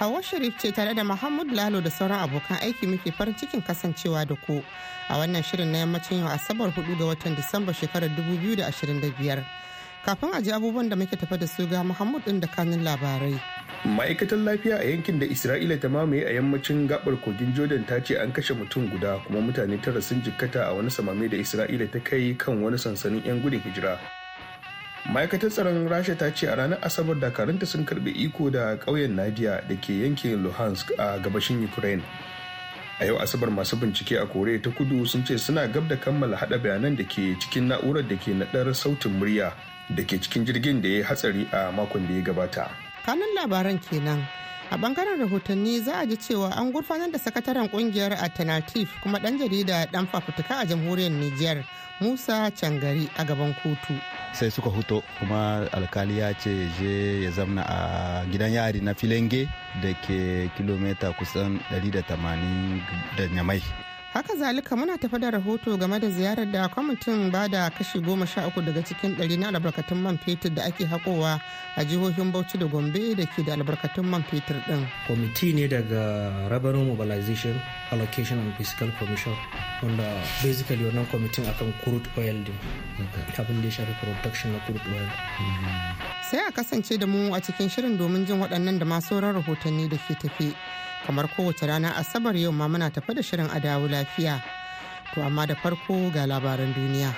Hawa Sharif ce tare da Muhammad Lalo da sauran abokan aiki muke farin cikin kasancewa da ku a wannan shirin na yammacin yau Asabar 4 ga watan Disamba shekarar 2025. Kafin aji abubuwan da muke tafa da su ga Muhammad din da kanin labarai. Ma'aikatan lafiya a yankin da Isra'ila ta mamaye a yammacin gabar kogin Jordan ta ce an kashe mutum guda kuma mutane tara sun jikkata a wani samame da Isra'ila ta kai kan wani sansanin 'yan gudun hijira. ma'aikatar tsaron rasha ta ce a ranar asabar dakarunta sun karbi iko da ƙauyen nadia da ke yankin luhansk a gabashin ukraine a yau asabar masu bincike a koreya ta kudu sun ce suna gab da kammala hada bayanan da ke cikin na'urar da ke naɗar sautin murya da ke cikin jirgin da ya hatsari a makon da ya gabata kanun labaran kenan a bangaren rahotanni za a ji cewa an gurfanar da sakataren kungiyar alternative kuma dan jarida dan fafutuka a jamhuriyar niger musa cangari a gaban kotu sai suka huto kuma alkali ya ce je ya zamna a gidan yari na filenge da ke kilomita kusan 180 da nyamai haka zalika muna tafi da rahoto game da ziyarar da kwamitin ba da kashi goma sha uku daga cikin ɗari na albarkatun man fetur da ake hakowa a jihohin bauchi da gombe da ke da albarkatun man fetur ɗin. kwamiti ne daga rabarun mobilization allocation and fiscal commission wanda basically wannan kwamitin akan crude oil din abin da ya shafi production na crude oil sai a kasance da mu a cikin shirin domin jin waɗannan da ma sauran rahotanni da ke tafi kamar kowace rana asabar yau ma muna tafa da shirin adawu lafiya to amma da farko ga labaran duniya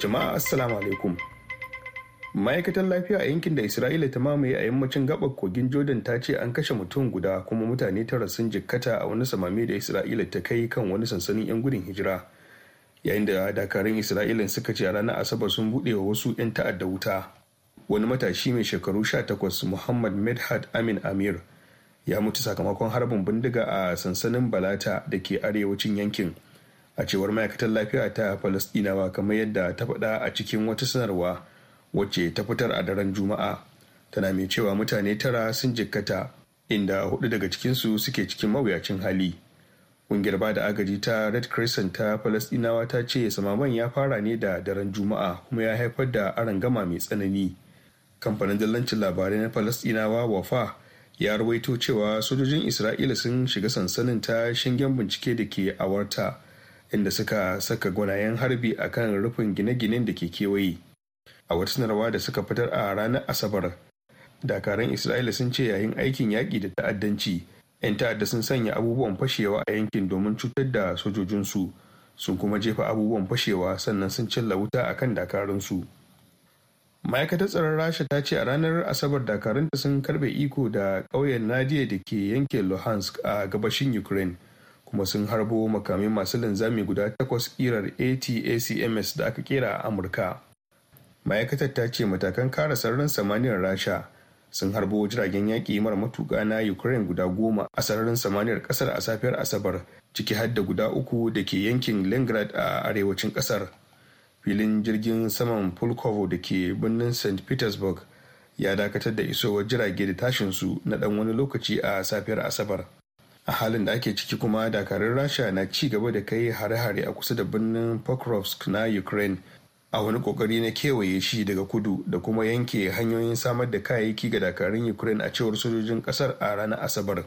jama'a assalamu alaikum ma'aikatan lafiya a yankin da isra'ila ta mamaye a yammacin gabar kogin jordan ta ce an kashe mutum guda kuma mutane tara sun jikkata a wani samame da isra'ila ta kai kan wani sansanin 'yan gudun hijira yayin da dakarun isra'ila suka ce a ranar asabar sun buɗe wa wasu 'yan ta'adda wuta wani matashi mai shekaru 18 muhammad medhad amin amir ya mutu sakamakon harbin bindiga a sansanin balata da ke arewacin yankin a cewar ma'aikatar lafiya ta falastinawa kamar yadda ta faɗa a cikin wata sanarwa wacce ta fitar a daren juma'a tana mai cewa mutane tara sun jikkata inda hudu daga cikinsu suke cikin mawuyacin hali ƙungiyar ba da agaji ta red crescent ta falastinawa ta ce samaman ya fara ne da daren juma'a kuma ya haifar da arangama mai tsanani kamfanin dillancin labarai na falastinawa wafa ya rawaito cewa sojojin isra'ila sun shiga sansanin ta shingen bincike da ke awarta inda suka saka gwanayen harbi a kan rufin gine-ginen da ke kewaye a wata sanarwa da suka fitar a ranar asabar dakaran isra'ila sun ce yayin aikin yaƙi da ta'addanci 'yan ta'adda sun sanya abubuwan fashewa a yankin domin cutar da sojojinsu sun kuma jefa abubuwan fashewa sannan sun cilla wuta a kan dakarunsu ma'aikatar tsaron rasha ta ce a ranar asabar dakarunta sun karbe iko da ƙauyen nadia da ke yanke luhansk a gabashin ukraine kuma sun harbo makamai masu linzami guda takwas kirar atacms da aka kera a amurka ma'aikatar ta ce matakan kare sararin samaniyar rasha sun harbo jiragen yaƙi mara matuƙa na ukraine guda goma a sararin samaniyar ƙasar a safiyar asabar ciki har da guda uku da ke yankin leningrad a arewacin ƙasar filin jirgin saman pulkovo da ke birnin st petersburg ya dakatar da isowar jirage da tashinsu na dan wani lokaci a safiyar asabar a halin da ake ciki kuma dakarun rasha na ci gaba da kai hare-hare a kusa da birnin pokrovsk na ukraine a wani kokari na kewaye shi daga kudu da kuma yanke hanyoyin samar da kayayyaki ga dakarun ukraine a cewar sojojin kasar a ranar asabar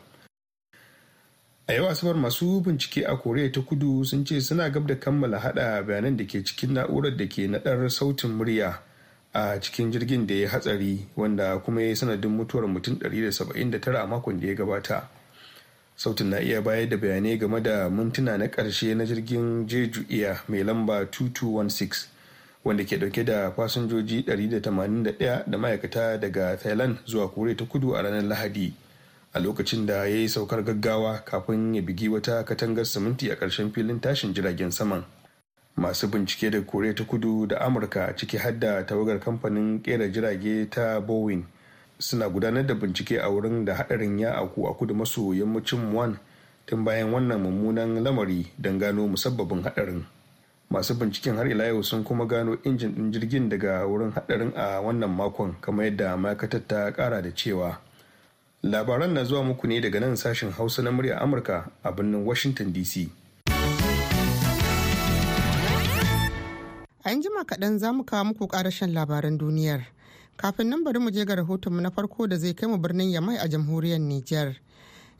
a yau asabar masu bincike a koriya ta kudu sun ce suna gab da kammala hada bayanan da ke cikin na'urar da ke naɗar sautin murya a cikin jirgin da ya hatsari wanda kuma ya sanadin mutuwar mutum 179 a makon da ya gabata sautin na iya bayar da bayanai game da mintuna na karshe na jirgin jeju iya mai lamba 2216 wanda ke dauke da fasinjoji 181 da ma'aikata daga thailand zuwa koriya ta kudu a ranar lahadi a lokacin da ya yi saukar gaggawa kafin ya bigi wata katangar siminti a ƙarshen filin tashin jiragen saman masu bincike da koriya ta kudu da amurka ciki hadda tawagar kamfanin kera jirage ta bowen suna gudanar da bincike a wurin da hadarin ya aku a kudu maso yammacin wan tun bayan wannan mummunan lamari don gano musabbabin hadarin masu binciken har ila yau sun kuma gano injin din jirgin daga wurin hadarin a wannan makon kamar yadda ma'aikatar ta kara da cewa labaran na zuwa muku ne daga nan sashen hausa na murya amurka a birnin washington dc A yin jima kaɗan za mu kawo muku ƙarashen labaran duniyar kafin nan bari mu je ga rahotonmu na farko da zai kai mu birnin yamai a jamhuriyar Nijar.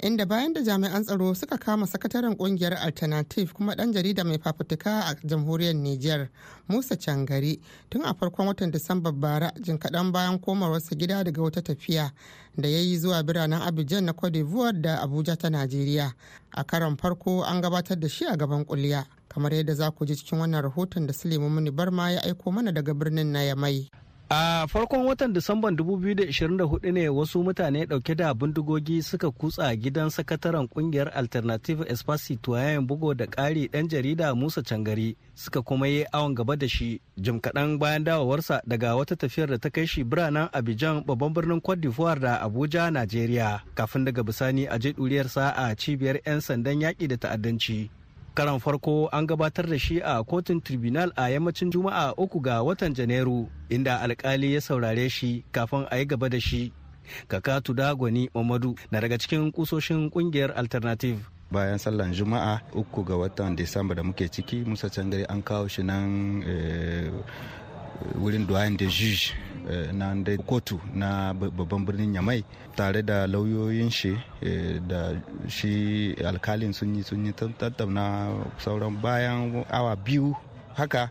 inda bayan da jami'an tsaro suka kama sakataren kungiyar alternative kuma dan jarida mai fafutuka a jamhuriyar niger musa cangari tun a farkon watan disamba bara jin kaɗan bayan komawarsa gida daga wata tafiya da ya yi zuwa biranen abidjan na cote d'ivoire da abuja ta nigeria a karon farko an gabatar da shi a gaban kuliya kamar yadda za ku ji cikin wannan rahoton da Suleiman Muni Barma ya aiko mana daga birnin na Yamai. A farkon watan Disamban 2024 ne wasu mutane dauke da bindigogi suka kutsa gidan sakataren kungiyar Alternative Espacito yayin bugo da ƙari ɗan jarida Musa Cangari suka kuma yi awon gaba da shi jim kaɗan bayan dawowarsa daga wata tafiyar da ta kai shi biranen Abidjan babban birnin Cote d'Ivoire da Abuja, Najeriya kafin daga bisani a je ɗuriyarsa sa'a, cibiyar 'yan sandan yaƙi da ta'addanci. karan farko an gabatar da shi a kotun tribunal a yammacin juma'a uku ga watan janairu inda alkali ya saurare shi kafin a yi gaba da shi kaka tudagwani mamadu na daga cikin kusoshin kungiyar alternative bayan sallan juma'a uku ga watan disamba da muke ciki musa can gari an kawo shi nan eh, wurin doyen da juge eh, na kotu na babban birnin yamai tare da lauyoyin shi eh, da shi alkalin sun yi sun yi tattauna sauran bayan awa biyu haka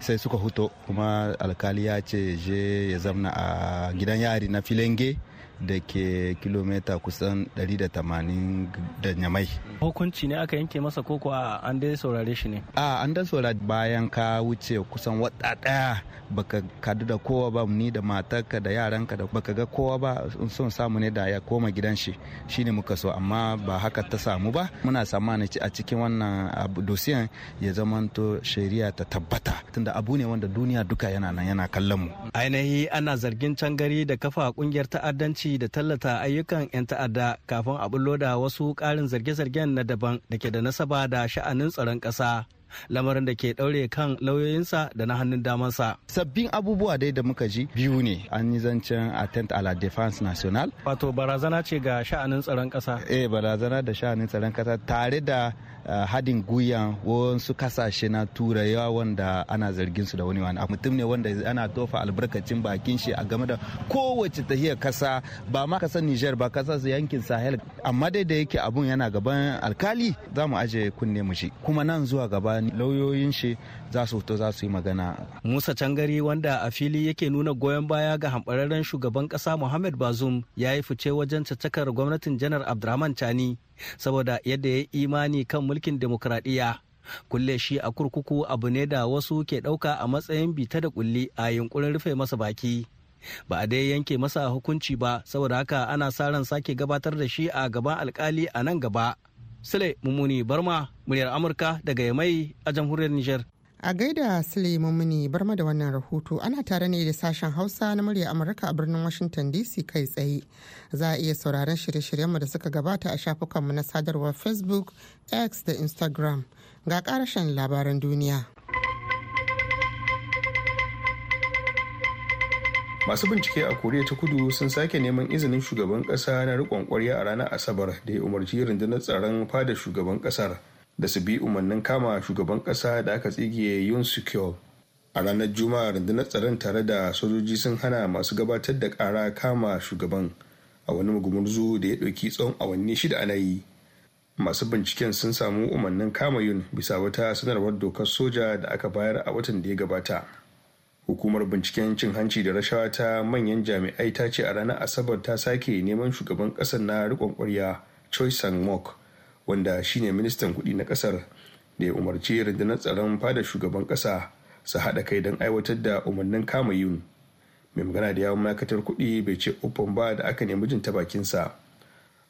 sai suka huto kuma alkali ya ce je ya zamna a gidan yari na filenge da ke kilomita kusan 180 da nyamai. Hukunci ne aka yanke masa koko a an dai saurare shi ne? A an da saurare bayan ka wuce kusan wata daya baka kadu da kowa ba ni da matarka da yaranka da baka ga kowa ba sun samu ne da ya koma gidan shi shine muka so amma ba haka ta samu ba muna samana a cikin wannan dosiyan ya zamanto shari'a ta tabbata tunda abu ne wanda duniya duka yana nan yana kallon mu. Ainihi ana zargin can gari da kafa kungiyar ta'addanci ta'addanci da tallata ayyukan 'yan ta'adda kafin a bullo da wasu karin zarge-zargen na daban da ke da nasaba da sha'anin tsaron kasa lamarin da ke ɗaure kan lauyoyinsa da na hannun damansa. Sabbin abubuwa dai da muka ji biyu ne an yi zancen attent a la defense national. Wato barazana ce ga sha'anin tsaron ƙasa. Eh barazana da sha'anin tsaron ƙasa tare da Eh, hadin gwiwa wasu kasashe na yawa wanda ana zargin su da wani wani mutum ne wanda ana tofa albarkacin bakin shi a game da kowace tahiyar kasa ba ma kasar Niger ba kasar yankin Sahel amma dai da yake abun yana gaban alkali za mu aje kunne mu shi kuma nan zuwa gaba lauyoyin shi za su fito za su yi magana. Musa Cangari wanda a fili yake nuna goyon baya ga hambararren shugaban kasa Muhammad bazum ya yi fice wajen caccakar gwamnatin janar Abdurrahman Chani saboda yadda ya imani kan mulkin demokradiyya kulle shi a kurkuku abu ne da wasu ke ɗauka a matsayin bita da kulli a yunkurin rufe masa baki ba a dai yanke masa hukunci ba saboda haka ana sa ran sake gabatar da shi a gaban alkali a nan gaba sule mummuni barma muryar amurka daga yamai a jamhuriyar Nijar. A gaida Suleiman Muni barma da wannan rahoto ana tare ne da sashen Hausa na murya Amurka a birnin Washington DC kai tsaye. Za a iya sauraron shirye-shiryenmu da suka gabata a shafukanmu na sadarwar Facebook, X da Instagram. Ga ƙarashen labaran duniya. Masu bincike a Koriya ta Kudu sun sake neman izinin shugaban ƙasa na riƙon ƙwarya a ranar Asabar da ya umarci rundunar tsaron fada shugaban ƙasar. da su bi umarnin kama shugaban kasa da aka tsige yun secure a ranar juma'a rundunar tsaron tare da sojoji sun hana masu gabatar da kara kama shugaban a wani mugumurzu da ya ɗauki tsawon awanni shida ana yi masu binciken sun samu umarnin kama yun bisa wata sanarwar dokar soja da aka bayar a watan da ya gabata hukumar binciken cin hanci da rashawa ta manyan jami'ai ta ce a ranar asabar ta sake neman shugaban kasar na riƙon ƙwarya choi sang mok wanda shine ministan kudi na kasar da ya umarci rundunar tsaron fada shugaban kasa su haɗa kai don aiwatar da umarnin kama yun mai magana da yawon ma'aikatar kuɗi bai ce uban ba da aka nemi jin bakinsa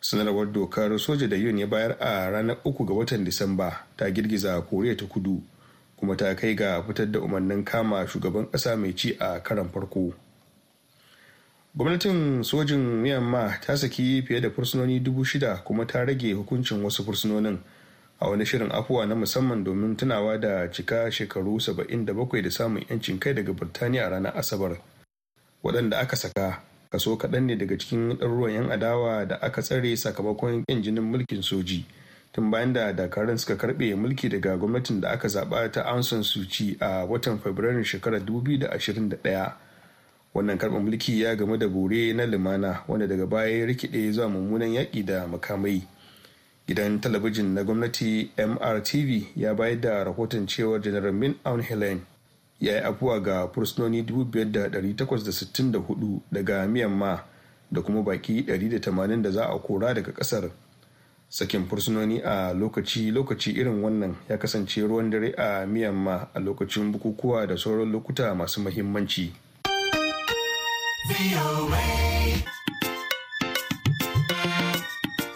sanarwar dokar soja da yun ya bayar a ranar uku ga watan disamba ta girgiza koriya ta kudu kuma ta kai ga fitar da umarnin kama shugaban ƙasa mai ci a karan farko. gwamnatin sojin myanmar ta saki fiye da fursunoni dubu shida kuma ta rage hukuncin wasu fursunonin a wani shirin afuwa na musamman domin tunawa da cika shekaru 77 da samun yancin kai daga birtaniya a ranar asabar waɗanda aka saka kaso kaɗan ne daga cikin ɗaruruwan 'yan adawa da aka tsare sakamakon yan jinin mulkin soji tun bayan da dakarun suka karɓe mulki daga gwamnatin da aka zaɓa ta ansan suci a watan fabrairun shekarar 2021 wannan karɓar mulki ya gamu da bore na lumana wanda daga baya ya rikide zuwa mummunan yaƙi da makamai gidan talabijin na gwamnati mrtv ya bayar da rahoton cewa janar min aun helen ya yi afuwa ga fursunoni 5,864 daga myanmar da kuma baki 180 da za a kora daga kasar sakin fursunoni a lokaci-lokaci irin wannan ya kasance ruwan dare a myanmar a lokacin bukukuwa da sauran lokuta masu mahimmanci.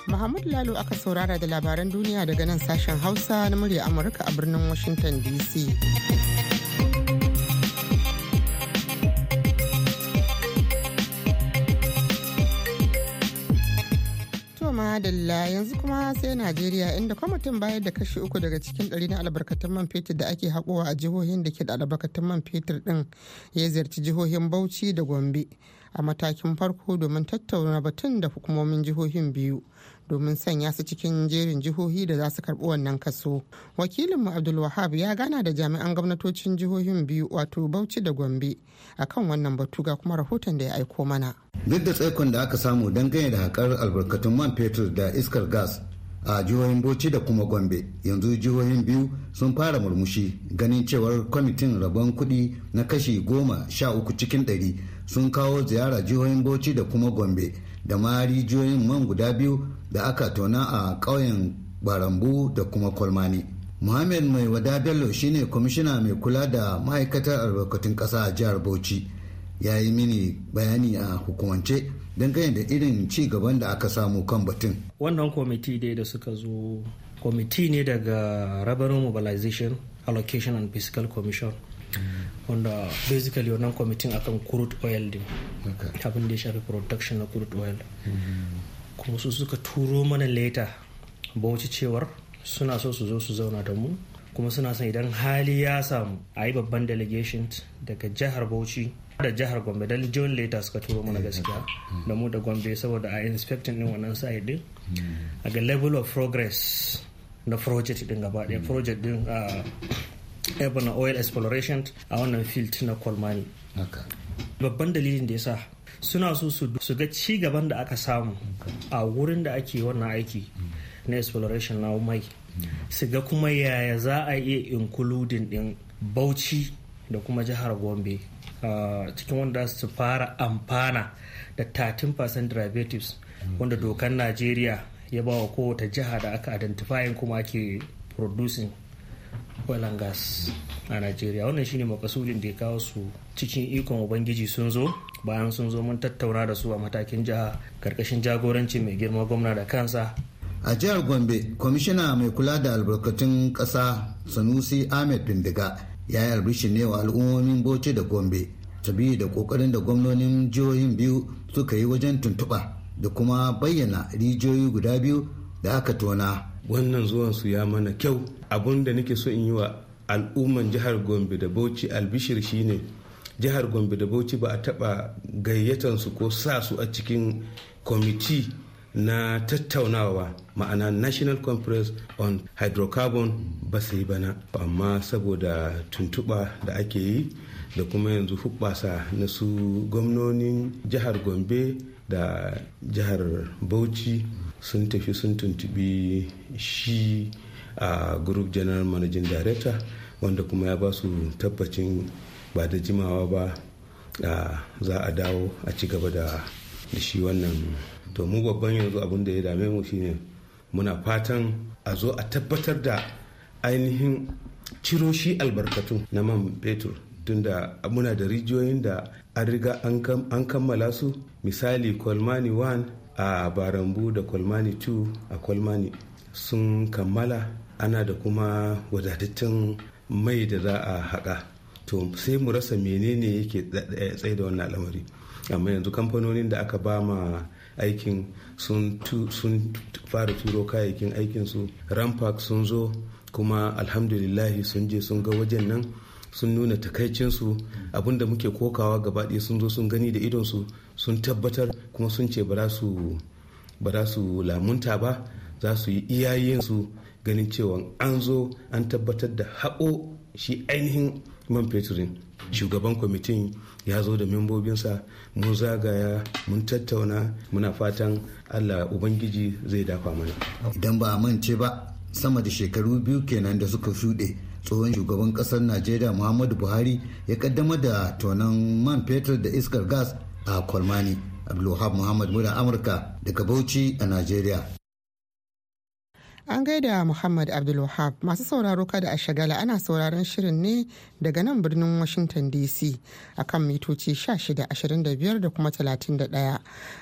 Mahmud Lalo aka saurara da labaran duniya daga nan sashen Hausa na murya Amurka a birnin Washington DC. madalla yanzu kuma sai najeriya inda kwamitin bayar da kashi uku daga cikin ɗari na albarkatun man fetur da ake haƙowa a jihohin da ke da albarkatun man fetur ɗin ya ziyarci jihohin bauchi da gombe a matakin farko domin tattauna batun da hukumomin jihohin biyu domin sanya su cikin jerin jihohi da za su karɓi wannan kaso wakilinmu abdulwahab ya gana da jami'an gwamnatocin jihohin biyu wato bauchi da gombe akan wannan batu ga kuma rahoton da ya aiko mana duk da tsaikon da aka samu dangane da haƙar albarkatun man fetur da iskar gas a jihohin bauchi da kuma gombe yanzu jihohin biyu sun fara murmushi ganin cewar kwamitin rabon kuɗi na kashi goma sha uku cikin ɗari sun kawo ziyara jihohin bauchi da kuma gombe da ma rijiyoyin man guda biyu da aka tona a ƙauyen barambu da kuma kwalmani muhammed mai wada bello shine kwamishina mai kula da ma'aikatar albarkatun ƙasa a jihar bauchi ya yi mini bayani a hukumance don dangane da irin ci gaban da aka samu kan batun wannan kwamiti dai da suka zo kwamiti ne daga rabarin mobilization allocation and fiscal commission wanda basically wannan kwamitin akan crude oil din abin da ya shafi production na crude oil mm-hmm. kuma su suka turo mana leta bauchi cewar suna so su zo su zauna da mu kuma suna son idan hali ya samu a yi babban delegation daga jihar bauchi da jihar gombe da john leta suka turo mana eh, gaskiya mm. da mu da gombe saboda a inspecting din wannan side din mm. a ga level of progress na project din gaba daya mm. project din ah, ebon oil exploration a wannan field na mining babban dalilin da ya sa suna so su ga ci gaban da aka samu a wurin da ake wannan aiki na exploration na mai su ga kuma yaya za a iya including din bauchi da kuma jihar gombe cikin wanda su fara amfana da 13% derivatives wanda dokar najeriya ya ba wa kowace jiha da aka identifying kuma ake producing oil gas a najeriya wannan shine makasulin da ya kawo su cikin ikon ubangiji sun zo bayan sun zo mun tattauna da su a matakin jiha karkashin jagoranci mai girma gwamna da kansa a jihar gombe kwamishina mai kula da albarkatun ƙasa sanusi ahmed bindiga ya yi albishin ne wa al'ummomin bauchi da gombe tabi da kokarin da gwamnonin jihohin biyu suka yi wajen tuntuɓa da kuma bayyana rijiyoyi guda biyu da aka tona wannan zuwan su ya mana kyau abun da nake so in yi wa al'umman jihar gombe da bauchi albishir shine jihar gombe da bauchi ba a taba gayyatan su ko sa su a cikin kwamiti na tattaunawa ma'ana national conference on hydrocarbon ba su yi bana amma saboda tuntuɓa da ake yi da kuma yanzu hubbasa na su gwamnonin jihar gombe da jihar bauchi sun tafi sun tuntubi shi a group general managing director wanda kuma ya ba su tabbacin ba da jimawa ba za a dawo a ci gaba da shi wannan to mu babban yanzu abin da ya dame mu shine muna fatan a zo a tabbatar da ainihin ciro shi albarkatu na man fetur tunda muna da rijiyoyin da an riga an kammala su misali kolmani a barambu da kwalmani 2 a kwalmani sun kammala ana da kuma wadataccen mai da za a haƙa to sai mu rasa menene yake tsaye da wannan al'amari amma yanzu kamfanonin da aka ba ma aikin sun fara turo kayayyakin aikinsu rampark sun zo kuma alhamdulillahi sun je sun ga wajen nan sun nuna takaicinsu abinda muke kokawa gabaɗaya sun zo sun gani da idonsu sun tabbatar kuma sun ce ba za su lamunta ba za su yi iyayensu ganin cewa an zo an tabbatar da haƙo shi ainihin man feturin shugaban kwamitin ya zo da membobinsa mun zagaya mun tattauna muna fatan allah ubangiji zai dafa mana idan ba a mance ba sama da shekaru biyu kenan da suka shuɗe tsohon shugaban kasar najeriya muhammadu buhari ya kaddamar da tonon man fetur da iskar gas a kwalmani abdulwahab muhammad mura amurka daga bauchi a najeriya An gaida Muhammad Abdulwahab masu sauraro kada a shagala ana sauraron shirin ne daga nan birnin Washington DC a kan mitoci 1625 da kuma 31.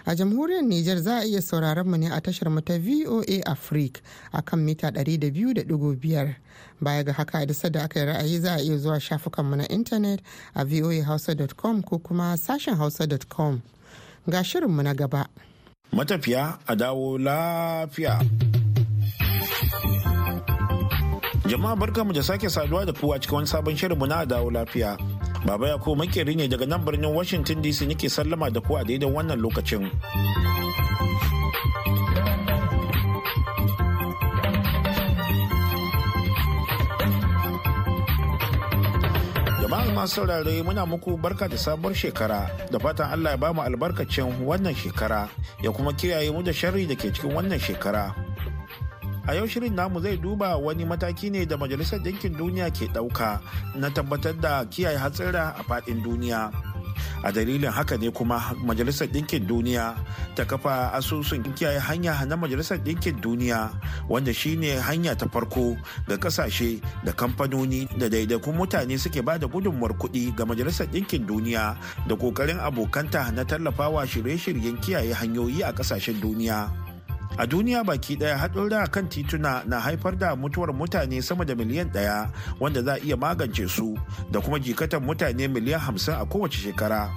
A jamhuriyar Nijar za a iya sauraron mu ne a tashar mu ta VOA Africa a kan mita 200.5. Baya ga haka da sadda aka yi ra'ayi za a iya zuwa shafukan mu na intanet a voahausa.com ko kuma sashen hausa.com. Ga mu na gaba. Matafiya a dawo lafiya. Jama'a mu da sake saduwa da kowa cikin wani sabon shirinmu na dawo lafiya. Baba ya ko makeri ne daga nan birnin Washington DC nake sallama da ku a daidai wannan lokacin. Jama'a masu saurare muna muku barka da sabuwar shekara da fatan Allah ya bamu albarkacin wannan shekara ya kuma kiyaye mu da sharri da ke cikin wannan shekara. a yau shirin namu zai duba wani mataki ne da majalisar ɗinkin duniya ke ɗauka na tabbatar da kiyaye hatsira a faɗin duniya a dalilin haka ne kuma majalisar ɗinkin duniya ta kafa asusun kiyaye hanya na majalisar ɗinkin duniya wanda shine hanya ta farko ga kasashe da kamfanoni da daidaikun mutane suke ba da gudunmuwar kuɗi ga majalisar ɗinkin duniya da ƙoƙarin abokanta na tallafawa shirye-shiryen kiyaye hanyoyi a ƙasashen duniya a duniya baki daya haɗura kan tituna na haifar da mutuwar mutane sama da miliyan ɗaya wanda za a iya magance su da kuma jikatan mutane miliyan hamsin a kowace shekara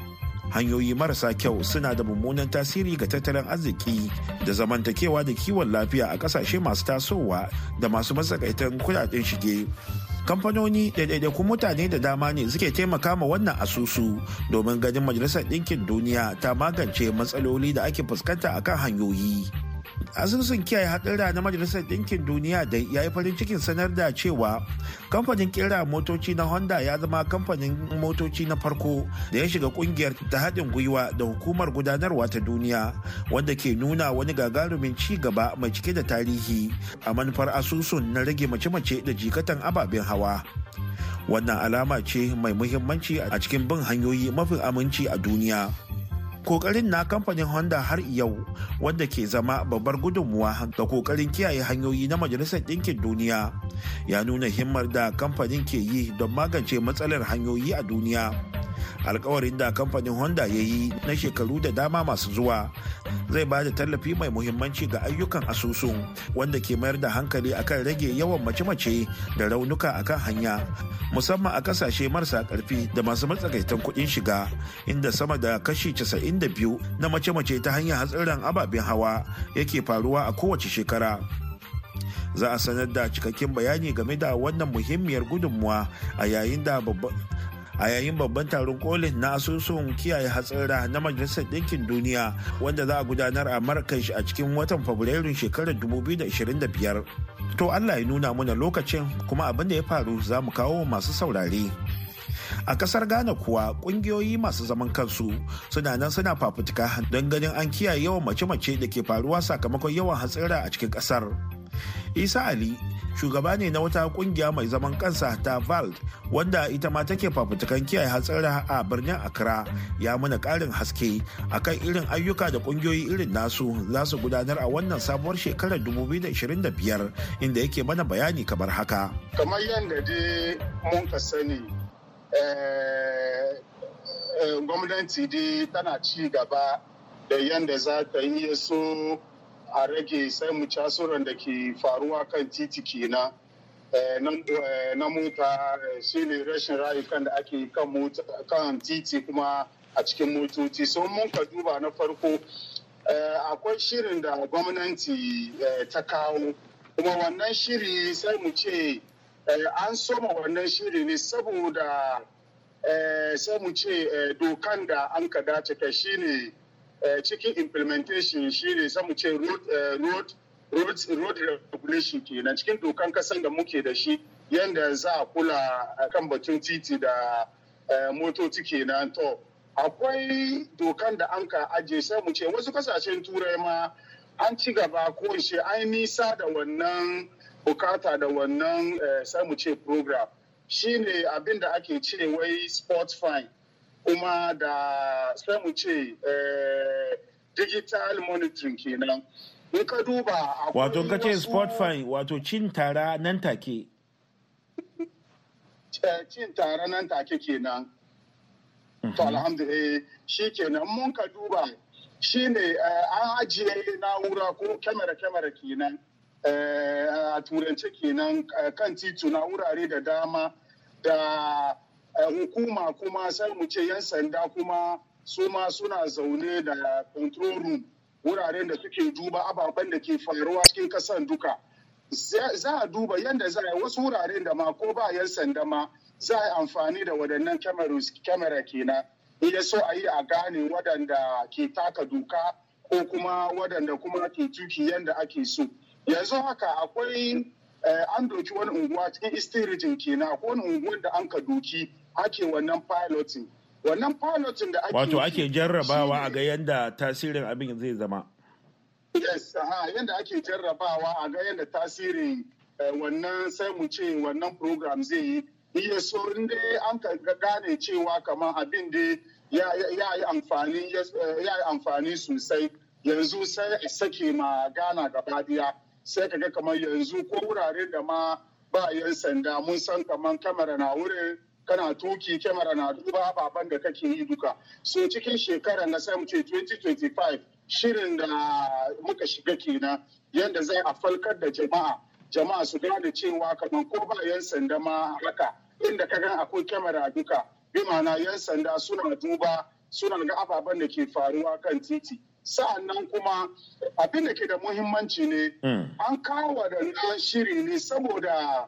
hanyoyi marasa kyau suna da mummunan tasiri ga tattalin arziki da zamantakewa da kiwon lafiya a ƙasashe masu tasowa da masu matsakaitan kudaden shige kamfanoni daidaiku mutane da dama ne suke taimaka ma wannan asusu domin ganin majalisar ɗinkin duniya ta magance matsaloli da ake fuskanta akan hanyoyi asusun kiyaye haɗura na majalisar ɗinkin duniya da ya yi farin cikin sanar da cewa kamfanin kera motoci na honda ya zama kamfanin motoci na farko da ya shiga kungiyar ta haɗin gwiwa da hukumar gudanarwa ta duniya wanda ke nuna wani gagarumin ci gaba mai cike da tarihi a manufar asusun na rage mace-mace da jikatan ababen hawa wannan alama ce mai muhimmanci a cikin bin hanyoyi mafi aminci a duniya kokarin na kamfanin honda har yau wanda ke zama babbar gudunmuwa da kokarin kiyaye hanyoyi na majalisar ɗinkin duniya ya nuna himmar da kamfanin ke yi don magance matsalar hanyoyi a duniya alkawarin da kamfanin honda ya yi na shekaru da dama masu zuwa zai ba da tallafi mai muhimmanci ga ayyukan asusun wanda ke mayar da hankali akan rage yawan mace-mace da raunuka akan hanya musamman a kasashe marasa karfi da masu matsakaitan kuɗin shiga inda sama da kashi 92 na mace-mace ta hanyar hatsarin ababen hawa yake faruwa a kowace shekara za a sanar da cikakken bayani game da wannan muhimmiyar gudunmuwa a yayin da a yayin babban taron kolin na asusun kiyaye hatsara na majalisar ɗinkin duniya wanda za a gudanar a marrakesh a cikin watan fabrairun shekarar 2025 to allah ya nuna muna lokacin kuma abin da ya faru za mu kawo masu saurare a kasar ghana kuwa kungiyoyi masu zaman kansu suna nan suna fafutuka don ganin an kiyaye yawan mace-mace da ke faruwa sakamakon yawan hatsira a cikin kasar isa ali shugaba ne na wata kungiya mai zaman kansa ta vald wanda ita ma take fafutukan kiyaye hatsari a birnin accra ya muna karin haske akan irin ayyuka da kungiyoyi irin nasu za su gudanar a wannan sabuwar shekarar 2025 inda yake mana bayani kamar haka kamar yadda dai mun ka sani eh, eh, gwamnati dai tana ci gaba da yadda za ta yi so a rage sai mu casuran da ke faruwa kan titi kenan eh, eh, na mota eh, shi ne rashin rayukan da ake kan titi kuma a cikin motoci so mun ka duba na farko akwai shirin da gwamnati ta kawo kuma wannan shiri sai mu ce an soma wannan shiri ne saboda sai mu ce dokan da an ka dace ta shine Eh, cikin implementation shine zamu ce road eh, road road regulation kenan cikin dokan kasan da muke da shi yadda za a kula kan batun titi da eh, motoci kenan to akwai dokan da an ka aje sai mu ce wasu kasashen turai ma an ci gaba ko shi an nisa da wannan bukata da wannan sai mu ce program shine abin da ake ce wai sport fine kuma da sai mu ce eh, digital monitoring kenan in ka duba wato ka ce spotify wato cin tara nan take eh, cin tara nan take kenan to mhm. alhamdulillah shi kenan mun ka duba shi ne eh, an ajiye na'ura ko kamera kamera kenan a turance kenan kan titu na wurare da dama da hukuma kuma sai mu ce 'yan sanda kuma su ma suna zaune da control room wuraren da suke duba ababen da ke faruwa cikin kasan duka za a duba yadda za a wasu wuraren da ma ko ba 'yan sanda ma za a amfani da waɗannan kyamara kenan iya so a yi a gane waɗanda ke taka duka ko kuma waɗanda kuma ke tuki yadda ake so yanzu haka akwai eh, an doki wani unguwa cikin eastern region kenan akwai wani unguwar da an ka doki ake wannan piloting wannan piloting da ake wato ake jarrabawa a ga yadda tasirin abin zai zama yes ha yadda ake jarrabawa a ga yadda tasirin eh, wannan sai mu ce wannan program zai yi iya saurin dai an gane cewa kamar abin da eh, ya yi amfani sosai yanzu sai a sake ma gana gaba daya sai kaga kamar yanzu ko wuraren da ma ba yan sanda mun san kamar kamera na wurin kana tuki kyamara na duba ababen da kake yi duka su cikin shekara na sai mu ce 2025 shirin da muka shiga kenan yadda zai a falkar da jama'a jama'a su gane cewa kamar ko ba yan sanda ma haka inda ka gan akwai kyamara duka bi ma'ana yan sanda suna duba suna ga ababen da ke faruwa kan titi sa'annan kuma abin da ke da muhimmanci ne hmm. an kawo da shiri ne saboda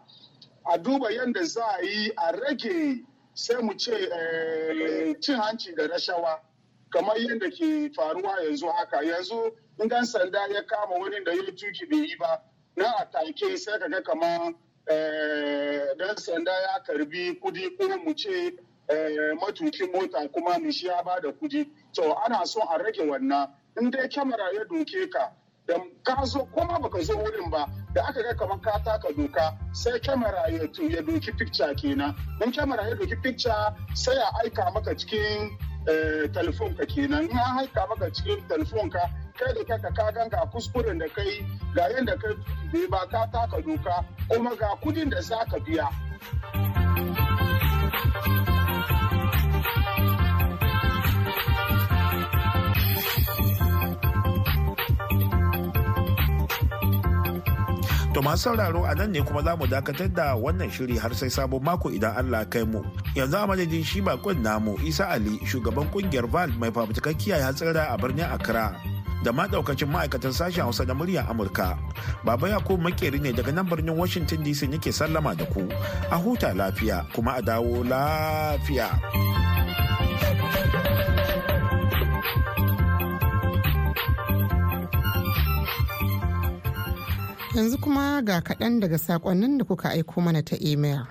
a duba yadda za a yi a rage sai mu ce eh, cin hanci da rashawa kamar yadda ke faruwa yanzu haka yanzu in dan sanda ya kama wani da ya tuki bai yi ba na a take sai kaga kamar dan eh, sanda ya karbi kudi ko mu ce eh, matukin mota kuma mu shi ya bada kudi to ana so a rage wannan in dai kyamara ya doke ka da ka zo kuma baka zo wurin ba da aka ga kamar ka taka doka sai kyamara ya doki picture kenan don kyamara ya doki picture sai ya aika maka cikin eh, telefon ka kenan in an aika maka cikin telefon ka kai da kanka ka ganga kuskuren da kai ga yadda ka ba ka taka doka kuma ga kudin da za biya. To masu sauraro a nan ne kuma za mu dakatar da wannan shiri har sai sabon mako idan Allah kai mu. Yanzu a madadin shi bakon namu Isa Ali shugaban kungiyar Val mai fafutukar kiyaye hatsara a birnin Accra. Da ma daukacin ma'aikatan sashen Hausa da muryar Amurka. Baba Yakubu makeri ne daga nan birnin Washington DC nake sallama da ku. A huta lafiya kuma a dawo lafiya. Yanzu kuma ga kaɗan daga saƙonnin da kuka aiko mana ta imel.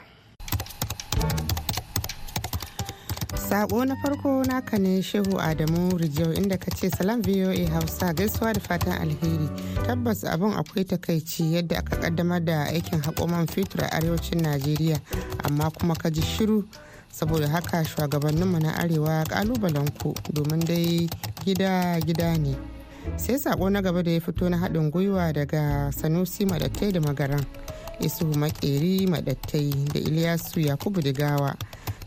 Sako na farko naka ne Shehu Adamu rijiyar inda ka ce salam VOA Hausa gaisuwa da fatan alheri. Tabbas abin akwai takaici yadda aka kaddamar da aikin haƙoman fetur a arewacin Najeriya amma kuma ka ji shiru saboda haka shugabanninmu na arewa kalubalen ku domin dai gida gida ne. sai sako na gaba da ya fito na haɗin gwiwa daga sanusi madattai da magaran isuhu makeri madattai da iliyasu yakubu digawa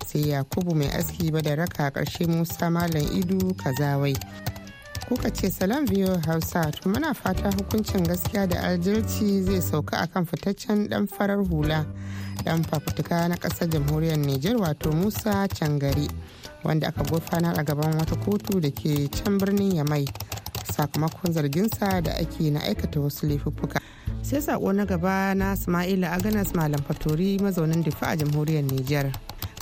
sai yakubu mai aski ba da raka karshe musa malam idu kazawai kuka ce salam biyu hausa to muna fata hukuncin gaskiya da aljirci zai sauka a kan fitaccen dan farar hula dan fafutuka na ƙasar jamhuriyar niger wato musa cangari wanda aka gofanar a gaban wata kotu da ke can birnin yamai sakamakon zarginsa da ake na aikata wasu laifuffuka sai sako na gaba na Ismaila Aganas Malam Fatori mazaunin Difa a jamhuriyar Nijar.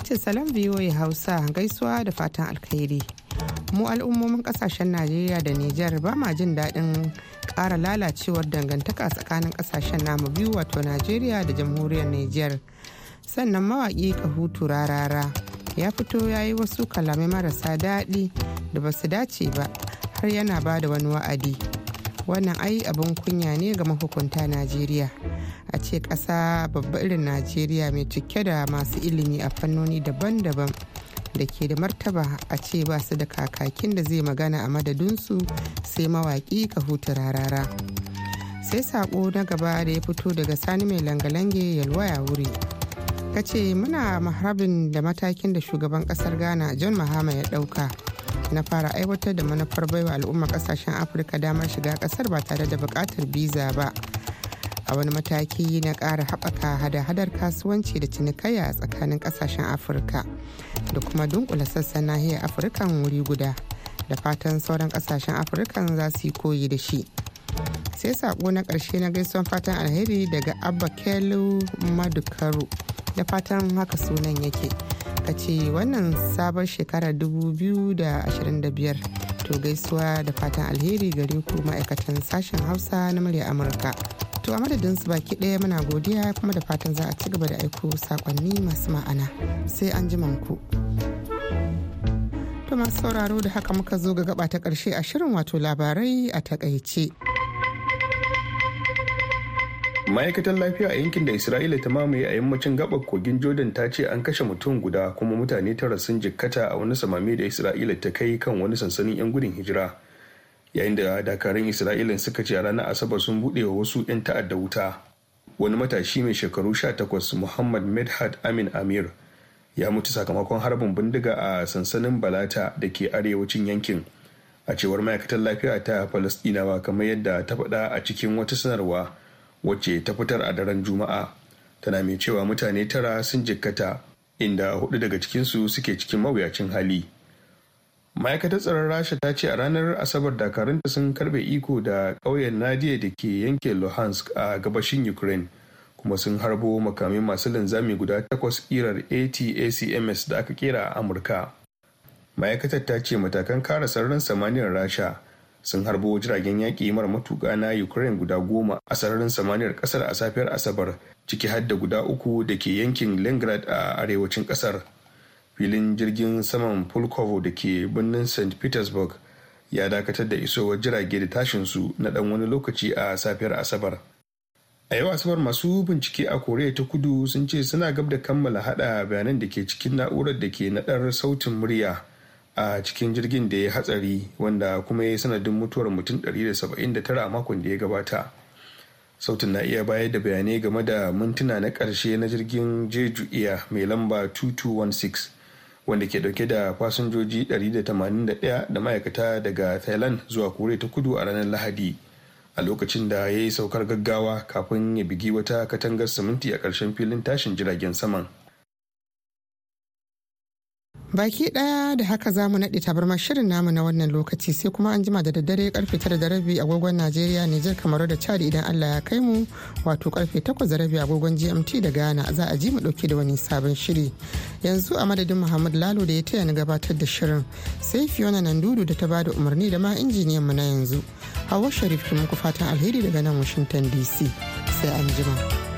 ce salam ya Hausa gaisuwa da fatan alkhairi. Mu al'ummomin kasashen Najeriya da Nijar ba ma jin daɗin ƙara lalacewar dangantaka tsakanin kasashen namu biyu wato Najeriya da jamhuriyar Nijar. Sannan mawaƙi Kahutu Rarara ya fito ya yi wasu kalamai marasa daɗi da ba su dace ba har yana ba da wani wa'adi wannan ai abin kunya ne ga mahukunta najeriya a ce ƙasa babba irin najeriya mai cike da masu ilimi a fannoni daban-daban da ke da martaba a ce ba su da kakakin da zai magana a madadinsu sai mawaƙi ka hutu rarara sai saƙo na gaba da ya fito daga sani mai langalange yalwaya wuri ka ce muna maharabin da matakin da shugaban ƙasar ghana john mahama ya ɗauka na fara aiwatar da manufar baiwa al'ummar kasashen afirka damar shiga kasar ba tare da bukatar biza ba a wani mataki na ƙara haɓaka hada-hadar kasuwanci da cinikayya a tsakanin kasashen afirka da kuma dunkula sassan nahiyar afirka wuri guda da fatan sauran kasashen afirka za su yi koyi da shi sai saƙo na ƙarshe na gaisuwan fatan alheri daga abba kelu madukaru da fatan haka sunan yake aka ce wannan sabon shekarar 2025 to gaisuwa da fatan alheri gare ku ma'aikatan sashen hausa na murya amurka to a madadin su baki ɗaya muna godiya kuma da fatan za a ci gaba da aiko sakonni masu ma'ana sai an ji ku. To masu sauraro da haka muka zo ga gaba ta ƙarshe a shirin wato labarai a takaice. ma'aikatar lafiya a yankin da isra'ila ta mamaye a yammacin gabar kogin jordan ta ce an kashe mutum guda kuma mutane tara sun jikkata a wani samame da isra'ila ta kai kan wani sansanin 'yan gudun hijira yayin da dakarun isra'ila suka ce a ranar asabar sun buɗe wa wasu 'yan ta'adda wuta wani matashi mai shekaru sha takwas muhammad medhat amin amir ya mutu sakamakon harbin bindiga a sansanin balata da ke arewacin yankin a cewar ma'aikatar lafiya ta falastinawa kamar yadda ta faɗa a cikin wata sanarwa wacce ta fitar a daren juma'a tana mai cewa mutane tara sun jikkata inda hudu daga cikinsu suke cikin mawuyacin hali ma'aikatar tsaron rasha ta ce a ranar asabar dakarunta sun karbe iko da ƙauyen nadia da ke yanke luhansk a gabashin ukraine kuma sun harbo makamai masu linzami guda takwas irar atacms da aka kera a amurka ma'aikatar ta ce matakan kara sararin samaniyar rasha sun harbo jiragen yaƙi mara matuƙa na ukraine guda goma a sararin samaniyar ƙasar a safiyar asabar ciki har da guda uku da ke yankin leningrad a arewacin ƙasar filin jirgin saman pulkovo da ke birnin st petersburg ya dakatar da isowar jirage da tashinsu na ɗan wani lokaci a safiyar asabar a yau asabar masu bincike a koriya ta kudu sun ce suna gab da kammala hada bayanan da ke cikin na'urar da ke naɗar sautin murya a cikin jirgin da ya hatsari wanda kuma ya yi sanadin mutuwar mutum 179 a makon da ya gabata sautin na iya bayar da bayanai game da mintuna na karshe na jirgin jeju iya mai lamba 2216 wanda ke dauke da fasinjoji 181 da ma'aikata daga thailand zuwa kore ta kudu a ranar lahadi a lokacin da ya yi saukar gaggawa kafin ya bigi wata katangar siminti a ƙarshen filin tashin jiragen saman. baki daya da haka za mu naɗe tabarmar shirin namu na wannan lokaci sai kuma an jima da daddare karfe tara da rabi agogon najeriya nijar kamaru da chad idan allah ya kai mu wato karfe takwas da rabi agogon gmt da ghana za a ji mu ɗauke da wani sabon shiri yanzu a madadin muhammad lalo da ya taya ni gabatar da shirin sai fiona nan dudu da ta bada umarni da ma injiniyan mu na yanzu hawa sharif ki muku fatan alheri daga nan washington dc sai an jima.